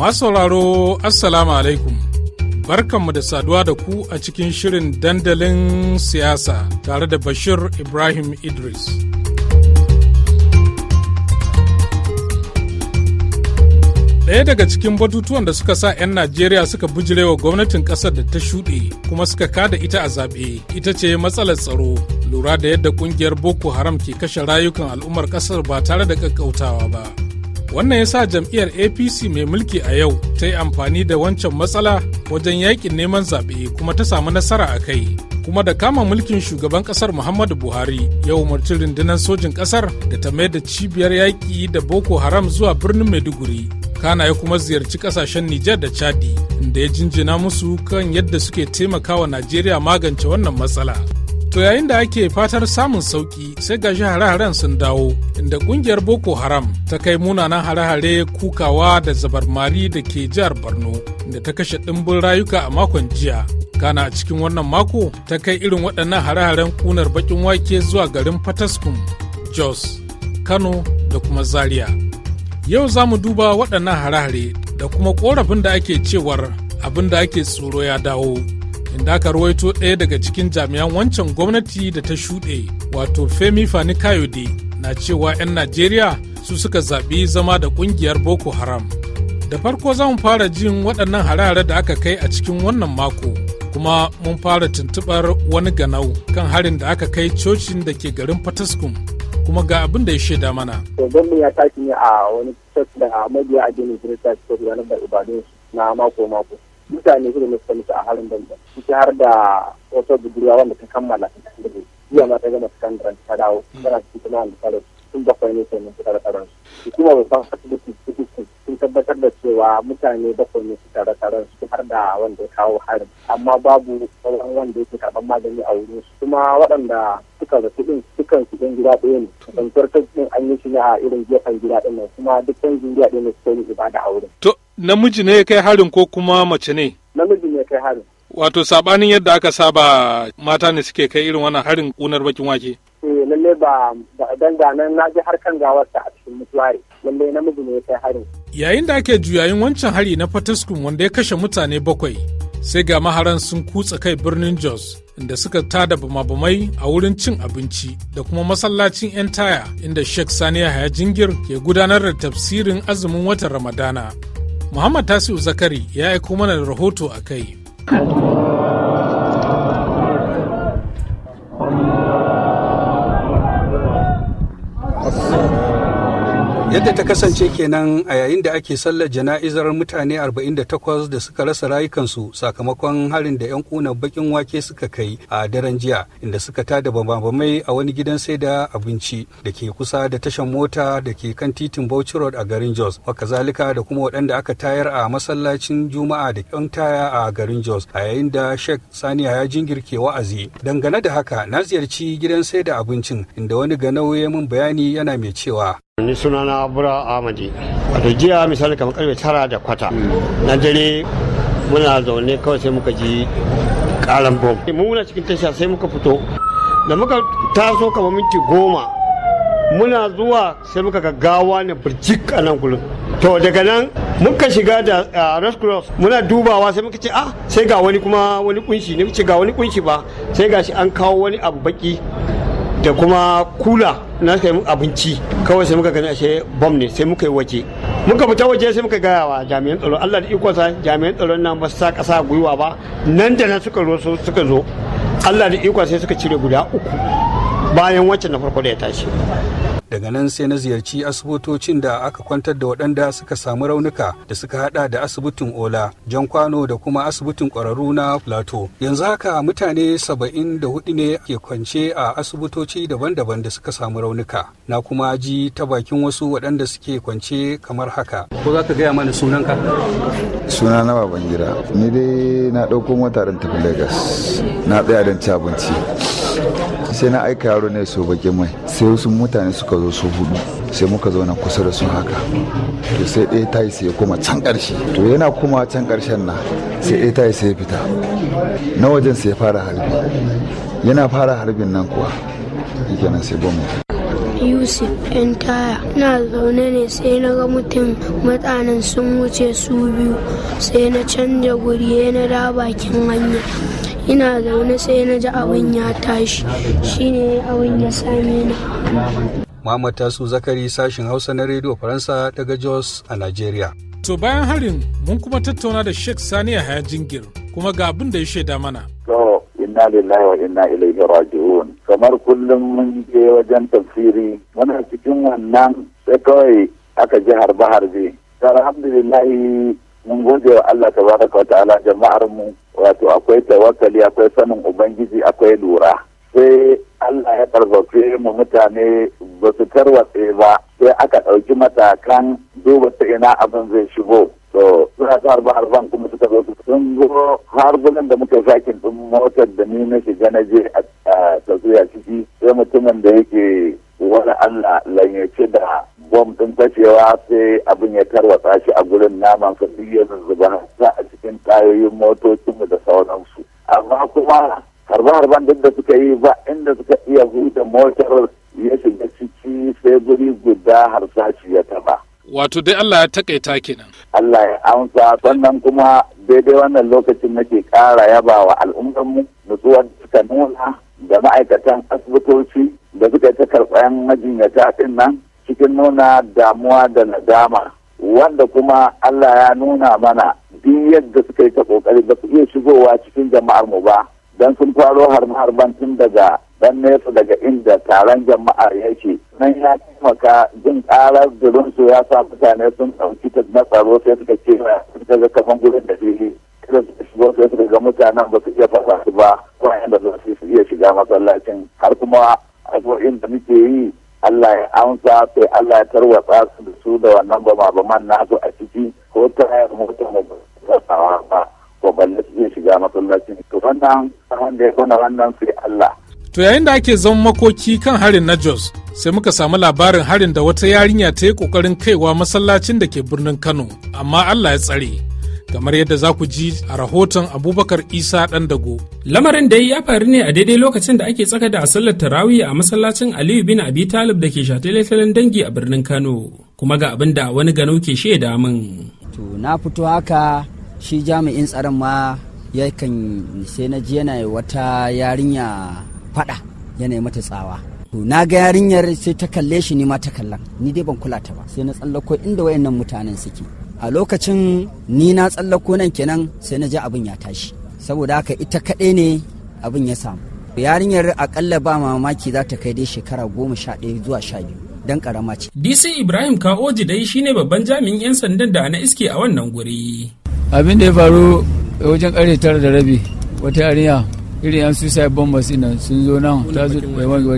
Masu sauraro Assalamu alaikum. Barkanmu da saduwa da ku a cikin shirin dandalin siyasa tare da Bashir Ibrahim Idris. Ɗaya daga cikin batutuwan da suka sa 'yan Najeriya suka bijirewa gwamnatin ƙasar da ta shuɗe kuma suka kada ita a zaɓe ita ce matsalar tsaro lura da yadda ƙungiyar Boko Haram ke kashe rayukan al'ummar ƙasar ba tare da ƙaƙƙautawa ba. wannan ya sa jam'iyyar apc mai mulki a yau ta yi amfani da wancan matsala wajen yakin neman zaɓe kuma ta samu nasara a kai kuma da kama mulkin shugaban ƙasar muhammadu buhari ya umarci rundunar sojin ƙasar da ta mayar da cibiyar yaƙi da boko haram zuwa birnin maiduguri kana ya kuma ziyarci ƙasashen nijar da chadi inda ya jinjina musu kan yadda suke taimakawa najeriya magance wannan matsala To yayin da ake fatar samun sauki sai ga shi hare-haren sun dawo inda kungiyar Boko Haram ta kai munanan hare-hare kukawa da zabarmari da ke jihar Borno da ta kashe ɗimbin rayuka a makon jiya. Kana a cikin wannan mako ta kai irin waɗannan hare-haren ƙunar baƙin wake zuwa garin Fataskum, Jos, Kano da kuma Zaria. Yau za mu duba waɗannan hare-hare da kuma ƙorafin da ake cewar abin da ake tsoro ya dawo. inda aka ruwaito ɗaya daga cikin jami'an wancan gwamnati da ta shuɗe wato femi fani kayode na cewa 'yan najeriya su suka zaɓi zama da ƙungiyar boko haram da farko za mu fara jin waɗannan harare da aka kai a cikin wannan mako kuma mun fara tuntuɓar wani ganau kan harin da aka kai cocin da ke garin fataskum kuma ga abin da ya shaida mana. Gwamnan ya tashi ne a wani church da mabiya addinin Kirista suka da na mako-mako. mutane su da suka a halin banza ciki har da wata budurwa wanda ta kammala ta cikin da jiya mata ta gama sakandaren ta dawo tana cikin kuma da ta sun bakwai ne kenan suka rasa su hukumar babban asibiti citizen sun tabbatar da cewa mutane bakwai ne suka rasa su har da wanda ya kawo harin amma babu sauran wanda yake karban magani a wurin su kuma waɗanda suka rasu din sukan su ɗin gida ɗaya ne kasantuwar ta an yi shi ne a irin gefen gida ɗin nan kuma duk canjin gida ɗin ne suka yi ibada a wurin. to namiji ne ya kai harin ko kuma mace ne. namiji ne ya kai harin. Wato sabanin yadda aka saba mata ne suke kai irin wannan harin kunar bakin wake. lalle ba dan na ji harkan gawarsa a cikin mutuware lalle namiji ne ya kai harin. Yayin da ake juyayin wancan hari na Fataskun wanda ya kashe mutane bakwai sai ga maharan sun kutsa kai birnin Jos inda suka tada bumabumai a wurin cin abinci da kuma masallacin 'yan taya inda Sheikh Sani Yahaya Jingir ke gudanar da tafsirin azumin watan Ramadana. Muhammad Tasiu Zakari ya aiko mana da rahoto a kai. yadda ta kasance kenan a yayin da ake sallar jana'izar mutane 48 da suka rasa rayukansu sakamakon harin da 'yan kunan bakin wake suka kai a daren jiya inda suka tada bambamai a wani gidan sai da abinci da ke kusa da tashan mota da ke kan titin bauchi road a garin jos wakazalika da kuma waɗanda aka tayar a masallacin juma'a da 'yan taya a garin jos a yayin da sheikh saniya ya jingirke wa'azi dangane da haka na ziyarci gidan sai da abincin inda wani ganau ya min bayani yana mai cewa ni suna na abura amadi wato jiya misali kamar karfe tara da kwata na dare muna zaune kawai sai muka ji karan bom mu muna cikin tasha sai muka fito da muka taso kamar minti goma muna zuwa sai muka ga gawa na birjik a nan gurin to daga nan muka shiga da red cross muna dubawa sai muka ce ah sai ga wani kuma wani kunshi ne ce ga wani kunshi ba sai gashi an kawo wani abu baki da kuma kula na kai abinci kawai sai muka gani ashe bom ne sai muka yi waje muka fita waje sai muka gaya wa jami'an tsaro Allah da ikonsa jami'an tsaro nan ba sa kasa gwiwa ba nan da nan suka zo suka zo Allah da ikonsa sai suka cire guda uku bayan wancan na farko da ya tashi daga nan sai na ziyarci asibitocin da aka kwantar da waɗanda suka samu raunuka da suka hada da asibitin ola jan kwano da kuma asibitin ƙwararru na plateau yanzu haka mutane saba'in da hudu ne ke kwance a asibitoci daban-daban da suka samu raunuka na kuma ji ta bakin wasu waɗanda suke kwance kamar haka ko za ka gaya mana sunanka suna na baban gida ni dai na ɗauko motarin tafi lagos na tsaya don ci abinci sai na aika yaro ne su bakin mai sai wasu mutane suka zo su hudu sai muka zauna kusa da su haka to sai ɗaya ta yi sai kuma can ƙarshe to yana kuma can ƙarshen na sai ɗaya ta yi sai fita na wajen sai fara harbi yana fara harbin nan kuwa kenan sai bomi yusuf yan taya na zaune ne sai na ga mutum mutanen sun wuce su biyu sai na canja guri na da bakin hanya ina zaune sai na ji awon ya tashi shine awon ya same ni Muhammad Tasu Zakari sashin Hausa na rediyo Faransa daga Jos a nigeria. To bayan harin mun kuma tattauna da Sheikh Sani Yahaya Jingir kuma ga abin da ya shaida mana. To inna lillahi wa inna ilaihi raji'un. Kamar kullum mun je wajen tafsiri muna cikin wannan sai kawai aka ji harbe harbe. Alhamdulillah mun gode wa Allah tabaraka wa ta'ala jama'ar mu wato akwai tawakkali akwai sanin ubangiji akwai lura sai Allah ya tarbace mu mutane ba su tarwatse ba sai aka ɗauki matakan duba ta ina abin zai shigo to suna ta harba harban kuma suka zo sun zo har da muka zakin ɗin motar da ni na shiga na je a tazuya ciki sai mutumin da yake wani Allah lanyace da bom ɗin fashewa sai abin ya tarwatsa shi a gurin naman sa duk ya zuzzuba a cikin tayoyin motocin da sauransu amma kuma harbe-harben duk da suka yi ba inda suka iya huda motar ya shiga ciki sai guri guda sashi ya taba. Wato dai Allah ya takaita kenan. Allah ya amsa sannan kuma daidai wannan lokacin nake ƙara yaba wa al'ummarmu nutsuwar suka nuna da ma'aikatan asibitoci da suka ta karɓayan majinyata ɗin nan cikin nuna damuwa da nadama wanda kuma Allah ya nuna mana duk yadda suka yi ta kokari ba su iya shigowa cikin jama'ar mu ba dan sun faro harban tun daga dan nesa daga inda taron jama'ar yake nan ya taimaka jin karar su ya sa mutane sun ta na tsaro sai suka ce suka ga kafan gurin da fili kada su shigo sai suka ga mutanen ba su iya fasa su ba kuma yadda za su iya shiga masallacin har kuma a inda muke yi Allah ya amsa sai Allah ya tarwatsa su da su da wannan man na nasu a ciki ko ta mota mu ba ba ko balle su shiga masallacin to wannan wanda ya kona wannan sai Allah to yayin da ake zama makoki kan harin na Jos sai muka samu labarin harin da wata yarinya ta yi kokarin kaiwa masallacin da ke birnin Kano amma Allah ya tsare kamar yadda za ku ji a rahoton abubakar isa ɗan dago lamarin da ya faru ne a daidai lokacin da ake tsaka da asalar tarawi a masallacin aliyu bin abi talib da ke shataletalen dangi a birnin kano kuma ga abin da wani gano ke shaida min to na fito haka shi jami'in tsaron ma ya yakan sai na ji yana wata yarinya fada yana mata tsawa to na ga yarinyar sai ta kalle shi ni ma ta kallan ni dai ban kula ta ba sai na tsallako inda wayannan mutanen suke a lokacin ni na tsallako nan kenan sai na ji abin ya tashi saboda haka ita kaɗai ne abin ya samu yarinyar akalla ba mamaki za ta kai dai shekara goma sha ɗaya zuwa sha biyu don karama ce. DC Ibrahim Kaoji dai shine babban jami'in 'yan sandan da ana iske a wannan guri. Abin da ya faru wajen ƙarfe tara da rabi wata yarinya irin 'yan suicide bombers ina sun zo nan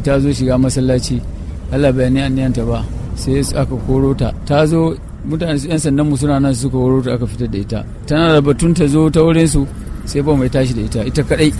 ta zo shiga masallaci Allah bayani ta ba sai aka koro ta ta zo mutane su 'yan sandan mu suna nan suka horo aka fitar da ita tana da batun ta zo ta wurin su sai ba mai tashi da ita ita kadai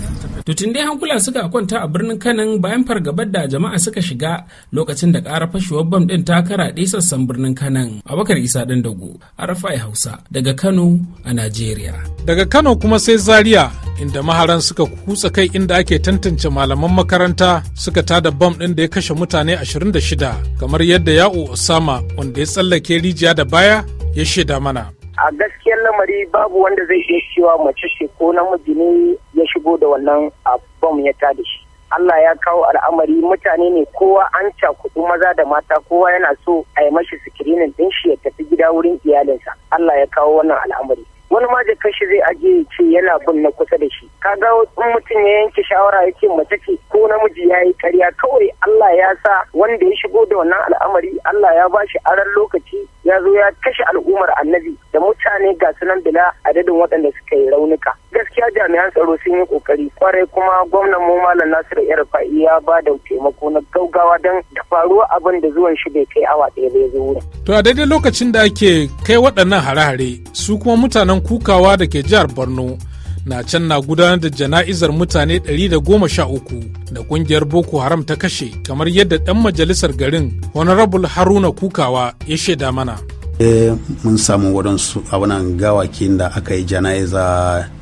tutun dai hankula suka kwanta a birnin kanon bayan fargabar da jama'a suka shiga lokacin da ƙara fashewar bam ɗin ta karaɗe sassan birnin kanon a bakar isa ɗan dago a rafai hausa daga kano a najeriya daga kano kuma sai zaria inda maharan suka kutsa kai inda ake tantance malaman makaranta suka tada bam ɗin da ya kashe mutane 26 kamar yadda ya'u osama wanda ya tsallake rijiya da baya ya shaida mana a gaskiyar lamari babu wanda zai iya cewa mace ce ko namiji ne ya shigo da wannan abom ya tada shi Allah ya kawo al'amari mutane ne kowa an cakudu maza da mata kowa yana so a yi mashi sikirinin din shi ya tafi gida wurin iyalinsa Allah ya kawo wannan al'amari wani ma da kashi zai aje ce yana bin na kusa da shi Ka ga in mutum ya yanke shawara ya ce mace ce ko namiji ya yi karya kawai Allah ya sa wanda ya shigo da wannan al'amari Allah ya ba shi aran lokaci ya zo ya kashe al'ummar annabi da mutane ga sunan bila adadin waɗanda suka yi raunuka gaskiya jami'an tsaro sun yi kokari kwarai kuma gwamnan mu malam nasir yarfa'i ya ba da taimako na gaugawa don da faruwa abin da zuwan shi bai kai awa ɗaya bai zo wurin. to a daidai lokacin da ake kai waɗannan hare-hare su kuma mutanen kukawa da ke jihar borno na can na gudanar da jana'izar mutane 113 da kungiyar boko haram ta kashe kamar yadda dan majalisar garin honorable haruna kukawa ya shaida mana eh, mun samu waɗansu a wannan gawakin da aka yi jana'iza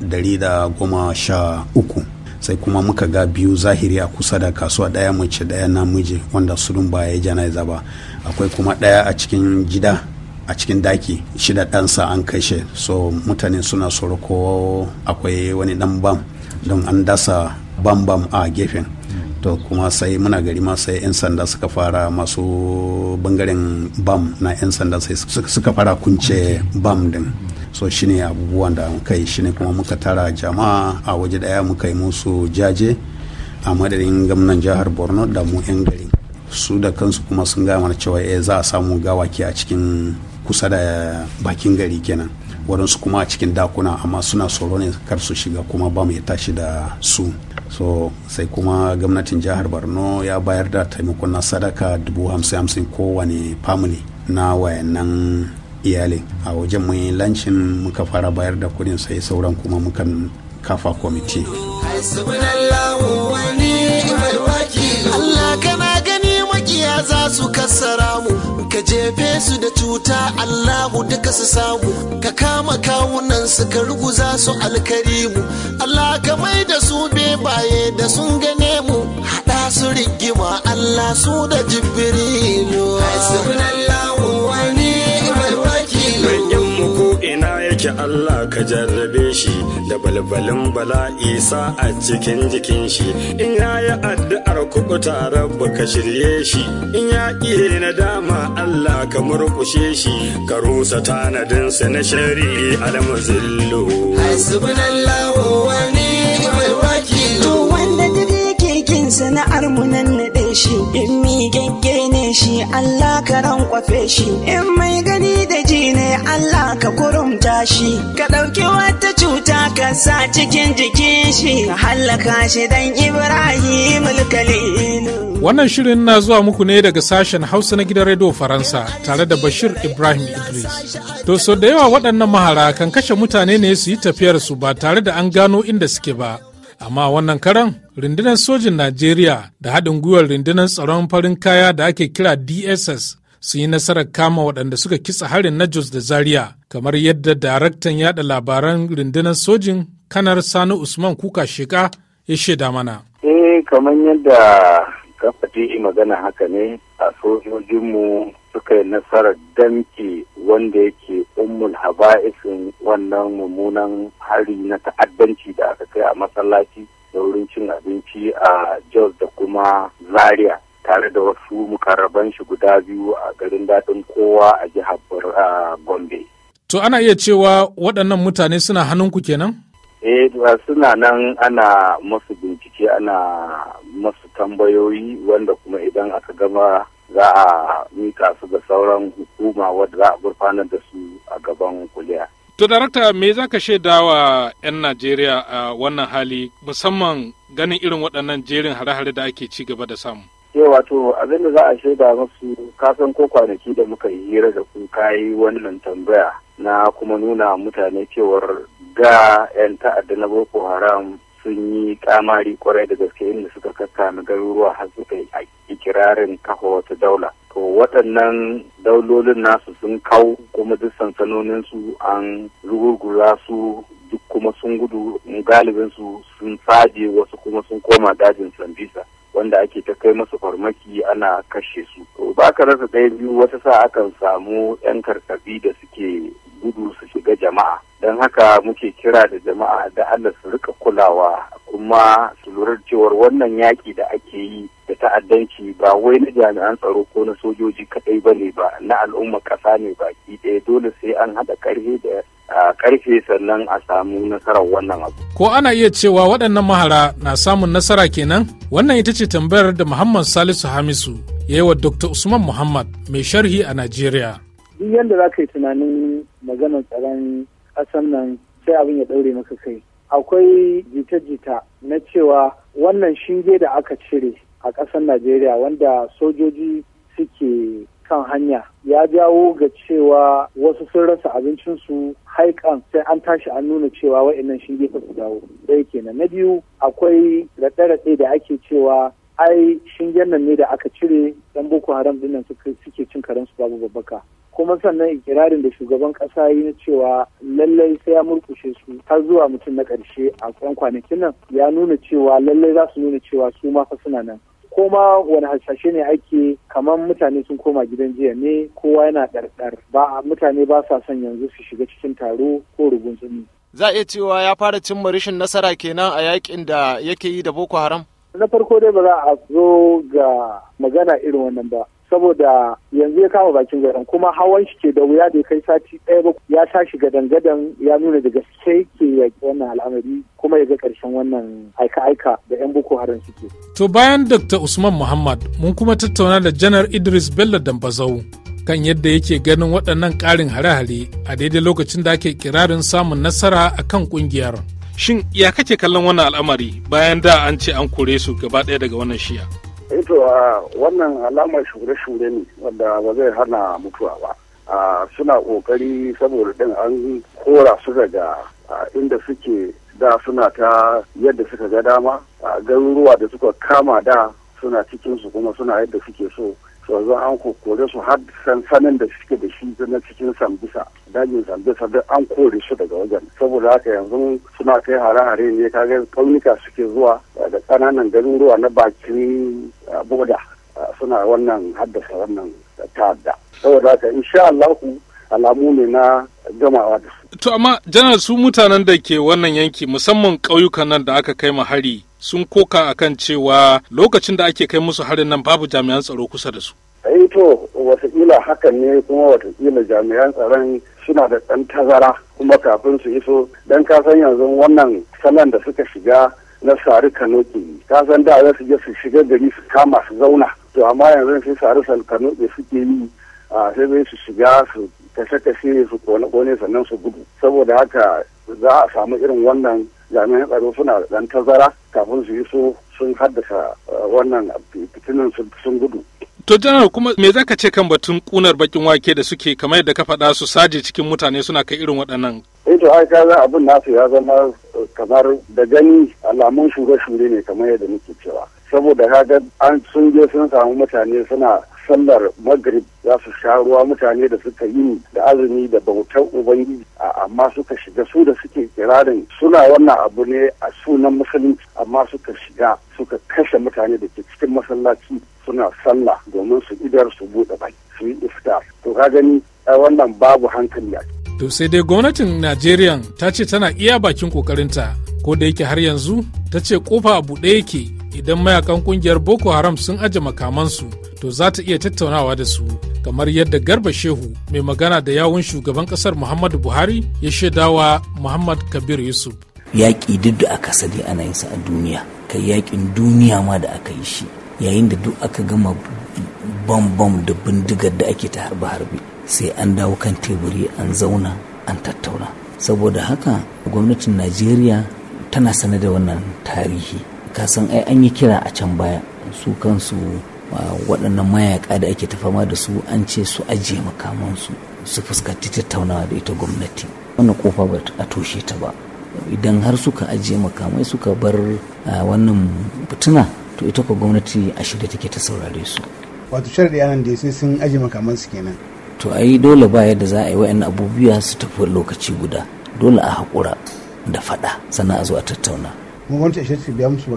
113 sai kuma muka ga biyu zahiri a kusa da kasuwa ɗaya mace ɗaya namiji wanda surun ba ya jana'iza ba akwai kuma ɗaya a cikin gida a cikin daki shi da ɗansa an kashe so mutane suna tsoro ko akwai wani ɗan bam don an dasa bam bam a gefen to kuma sai muna gari ma sai 'yan sanda suka fara masu bangaren bam na 'yan sanda sai suka fara kunce bam din so shine abubuwan da muka yi shine kuma muka tara jama'a a waje daya muka yi musu jaje a madadin gamnan jihar borno da mu 'yan gari su da kansu kuma sun gama cewa e za a samu gawaki a cikin kusa da bakin gari kenan waɗansu kuma a cikin dakuna amma suna tsoro ne kar su shiga kuma ba mu tashi da su so sai kuma gwamnatin jihar borno ya bayar da taimakon na sadaka dubu hamsin hamsin kowane family na wayannan iyali a wajen mai lancin muka fara bayar da kudin sai sauran kuma mukan kafa kwamiti za su kassara mu ka jefe su da cuta Allahu duka su samu ka kama kawunan su ka ruguza su alkarimu Allah ka mai da su baye da sun gane mu haɗa su rigima Allah su da jibrilu Allah ka jarrabe shi da balbalin bala'i sa a cikin jikin shi in ya yi addu'ar kubuta rabba ka shirye shi in ya ƙi na dama Allah ka murƙushe shi ka rusa tanadinsa na shari almuzillu hasbunallahu sana'ar mu nan na shi in mi gaggene shi Allah ka kwafe shi in mai gani da ubangiji ne Allah ka kurumta shi ka ɗauki wata cuta ka sa cikin jikin shi ka hallaka shi dan Ibrahim Kalilu. Wannan shirin na zuwa muku ne daga sashen Hausa na gidan Radio Faransa tare da Bashir Ibrahim Idris. To so da yawa waɗannan mahara kan kashe mutane ne su yi tafiyar su ba tare da an gano inda suke ba. Amma wannan karan rundunar sojin Najeriya da haɗin gwiwar rundunar tsaron farin kaya da ake kira DSS su yi nasarar kama waɗanda suka kitsa harin na Jos da Zaria, kamar yadda daraktan yada labaran rundunar sojin kanar Sani Usman Kuka Sheka ya shaida mana. Eh kamar yadda ka yi magana haka ne a sojojinmu suka yi nasarar damke wanda yake ummul haba'isin wannan mummunan hari na ta'addanci da aka kai a masallaci da wurin cin abinci a Jos da kuma Zaria. tare da wasu mukarraban shi guda biyu a garin daɗin kowa a jihar Gombe. To ana iya cewa waɗannan mutane suna hannunku kenan? Eh suna nan ana masu bincike ana masu tambayoyi wanda kuma idan aka gama za a mika su ga sauran hukuma wadda za a gurfanar da su a gaban kuliya. To darakta me za ka shaida wa 'yan Najeriya a wannan hali musamman ganin irin waɗannan jerin hare-hare da ake ci gaba da samu? Yau wato abinda za a shaida masu kasan ko kwanaki da muka yi hira da ku kayi wannan tambaya na kuma nuna mutane cewar ga 'yan ta'adda na Boko Haram sun yi kamari kwarai da gaske inda suka na garuruwa har suka yi ikirarin kafa wata daula. To waɗannan daulolin nasu sun kau kuma duk sansanoninsu an rugurgura su duk kuma sun gudu galibinsu sun saje wasu kuma sun koma dajin sambisa wanda ake kai masu farmaki ana kashe su to ba ka rasa ɗaya biyu wata sa akan samu yan karkabi da suke gudu su shiga jama'a don haka muke kira da jama'a da allah su rika kulawa kuma su lura cewar wannan yaƙi da ake yi da ta'addanci ba wai na jami'an tsaro ko na sojoji kaɗai ba ne ba na al'umma ƙasa ne baki ɗaya dole sai an haɗa ƙarfi da karfe sannan a samu nasarar wannan abu. Ko ana iya cewa waɗannan mahara na samun nasara kenan? Wannan ita ce tambayar da Muhammad Salisu Hamisu ya yi wa Dr. Usman Muhammad mai sharhi a Najeriya. Duk yadda za ka yi tunanin maganar tsaron ƙasar nan sai abin ya ɗaure maka kai. Akwai jita-jita na cewa wannan shinge da aka cire a ƙasar Najeriya wanda sojoji suke kan hanya ya jawo ga cewa wasu sun rasa abincinsu haikan sai an tashi an nuna cewa wa'annan shinge gefe su dawo ɗaya kenan na biyu akwai raɗe-raɗe da ake cewa ai shingen nan ne da aka cire dan boko haram dinnan suke cin su babu babbaka kuma sannan ikirarin da shugaban kasa yi na cewa lallai sai ya murkushe su har zuwa mutum na ƙarshe a kwan kwanakin nan ya nuna cewa lallai za su nuna cewa su ma fa suna nan Koma wani hasashe ne ake kamar mutane sun koma gidan jiya ne kowa yana ɗarɗar ba mutane ba sa son yanzu su shiga cikin taro ko rugunsumi. Za a iya cewa ya fara cimma rashin nasara kenan a yakin da yake yi da Boko Haram? Na farko dai ba za a zo ga magana irin wannan ba. saboda yanzu ya kama bakin garin kuma hawan shi ke da wuya da ya kai sati ɗaya ba ya tashi gadan gadan ya nuna da gaske ke yaƙi wannan al'amari kuma ya ga ƙarshen wannan aika-aika da 'yan boko haram suke. To bayan Dr. Usman Muhammad mun kuma tattauna da Janar Idris Bello Dambazau kan yadda yake ganin waɗannan ƙarin hare-hare a daidai lokacin da ake kirarin samun nasara a kan ƙungiyar. Shin ya kake kallon wannan al'amari bayan da an ce an kore su gaba ɗaya daga wannan shiya? to wannan alamar shure-shure ne wanda ba zai hana mutuwa ba a suna kokari saboda din an kora su daga inda suke da suna ta yadda suka ga dama a garuruwa da suka kama da suna cikinsu kuma suna yadda suke so to zan an kokore su har sansanin da suke da shi na cikin sambisa dajin sambisa duk an kore su daga wajen saboda haka yanzu suna kai hare-hare ne kaga kaunika suke zuwa eh, da ƙananan garuruwa na bakin eh, boda eh, suna wannan haddasa wannan ta'adda saboda haka insha Allahu alamu ne na gamawa da su To amma janar su mutanen da ke wannan yanki musamman ƙauyukan nan da aka kai hari sun koka akan cewa lokacin da ake kai musu harin nan babu jami'an tsaro kusa da su. Eh to watakila hakan ne kuma watakila jami'an tsaron suna da ɗan tazara kuma kafin su iso don kasan yanzu wannan salon da suka shiga na sari kano ke kasan da za su je su shiga gari su kama su zauna to amma yanzu sai sari kanoki suke yi sai zai su shiga su kashe-kashe su kone-kone sannan su gudu saboda haka za a samu irin wannan jami'an tsaro suna dan tazara kafin su yi so sun haddasa eh, wannan fitinin sun gudu To janar kuma me za ka ce kan batun kunar bakin wake da suke kamar yadda ka faɗa su saje cikin mutane suna kai irin waɗannan? Eh to ai kaga abin nasu ya zama eh, kamar da gani alamun shure-shure ne kamar yadda muke cewa. Saboda kaga an sun je sun samu mutane suna sallar magrib za su sha ruwa mutane da suka yi da azumi da bautar ubangiji amma suka shiga su da suke kirarin suna wannan abu ne a sunan musulunci amma suka shiga suka kashe mutane da ke cikin masallaci suna sallah domin su idar su buɗe baki su yi iftar to ka gani wannan babu hankali a to sai dai gwamnatin najeriya ta ce tana iya bakin kokarinta ko da yake har yanzu ta ce kofa a buɗe yake idan mayakan kungiyar boko haram sun aje makamansu to za ta iya tattaunawa da su kamar yadda garba shehu mai magana da yawun shugaban kasar muhammadu buhari ya shaidawa muhammad kabir yusuf yaƙi duk da aka sani ana yin sa a duniya kai yaƙin duniya ma da aka yi shi yayin da duk aka gama bambam da bindigar da ake ta harbe-harbe sai an dawo kan teburi an zauna an tattauna saboda haka gwamnatin najeriya tana sane da wannan tarihi kasan ai an yi kira a can baya su kansu waɗannan mayaka da ake tafama da su an ce su ajiye makamansu su fuskanci tattaunawa da ita gwamnati wannan kofa ba a toshe ta ba idan har suka ajiye makamai suka bar wannan fituna to ita ko gwamnati a shirya take ta saurare su wato sharadi anan da sai sun ajiye makaman kenan to ai dole ba yadda za a yi wa'annan abubuwa su tafi lokaci guda dole a haƙura da faɗa sannan a zo a tattauna kuma a biya musu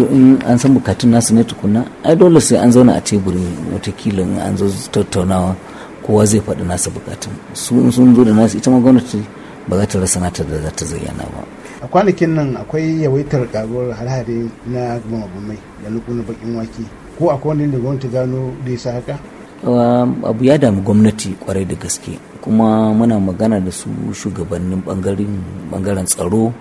in an san bukatun nasu ne tukuna ai dole sai an zauna a teburi watakila an zo tattaunawa kowa zai faɗi nasa bukatun su in sun zo da nasu ita ma gwamnati ba za ta rasa nata da za ta zayyana ba a kwanakin nan akwai yawaitar karuwar harhare na gumagumai da lukunan bakin wake ko akwai wani da gwamnati gano da ya haka abu ya dami gwamnati kwarai da gaske kuma muna magana da su shugabannin bangaren tsaro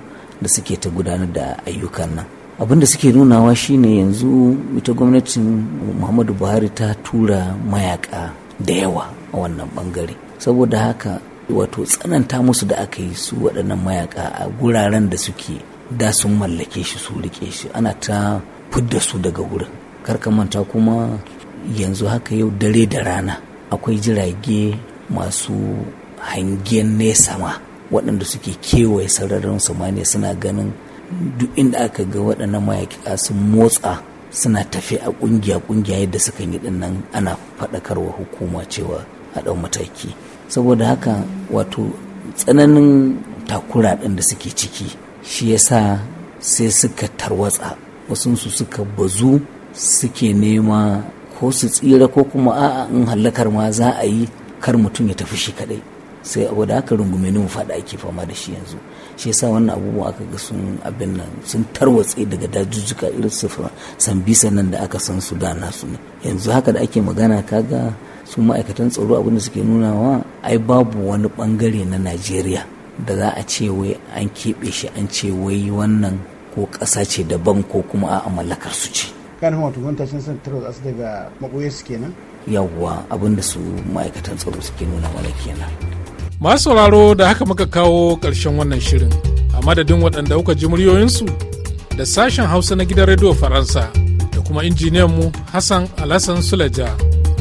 da suke ta gudanar da ayyukan nan abin da suke nunawa shine yanzu ita gwamnatin muhammadu buhari ta tura mayaka da yawa a wannan bangare saboda haka wato tsananta musu da aka yi su waɗannan mayaka a guraren da suke da sun mallake shi su rike shi ana ta fidda su daga wurin ka manta kuma yanzu haka yau dare da rana akwai jirage masu hangen nesa ma waɗanda suke kewaye sararin samaniya suna ganin duk inda aka ga waɗannan mayaƙa sun motsa suna tafi a ƙungiya-ƙungiya yadda suka yi ɗin nan ana faɗakarwa hukuma cewa a ɗau mataki saboda haka wato tsananin takura ɗin da suke ciki shi yasa sai suka tarwatsa wasunsu suka bazu suke nema ko su tsira ko kuma a'a in hallakar ma za a yi kar mutum ya tafi shi kaɗai sai abu da aka rungume ni mu faɗa ake fama da shi yanzu shi yasa wannan abubuwa aka ga sun abin nan sun tarwatse daga dajujjuka irin su sambisa nan da aka san su da nasu ne yanzu haka da ake magana kaga su ma'aikatan tsaro abin da suke nunawa ai babu wani bangare na najeriya da za a ce wai an keɓe shi an ce wai wannan ko ƙasa ce daban ko kuma a mallakar su ce kan wato wani tashin san tarwatsa su daga maɓoye su kenan yawwa abin da su ma'aikatan tsaro suke nuna mana kenan masu sauraro da haka muka kawo ƙarshen wannan shirin a madadin waɗanda kuka ji muryoyinsu da sashen hausa na gidan rediyo faransa da kuma mu hassan alhassan sulaja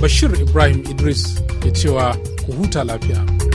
bashir ibrahim idris ya cewa ku huta lafiya.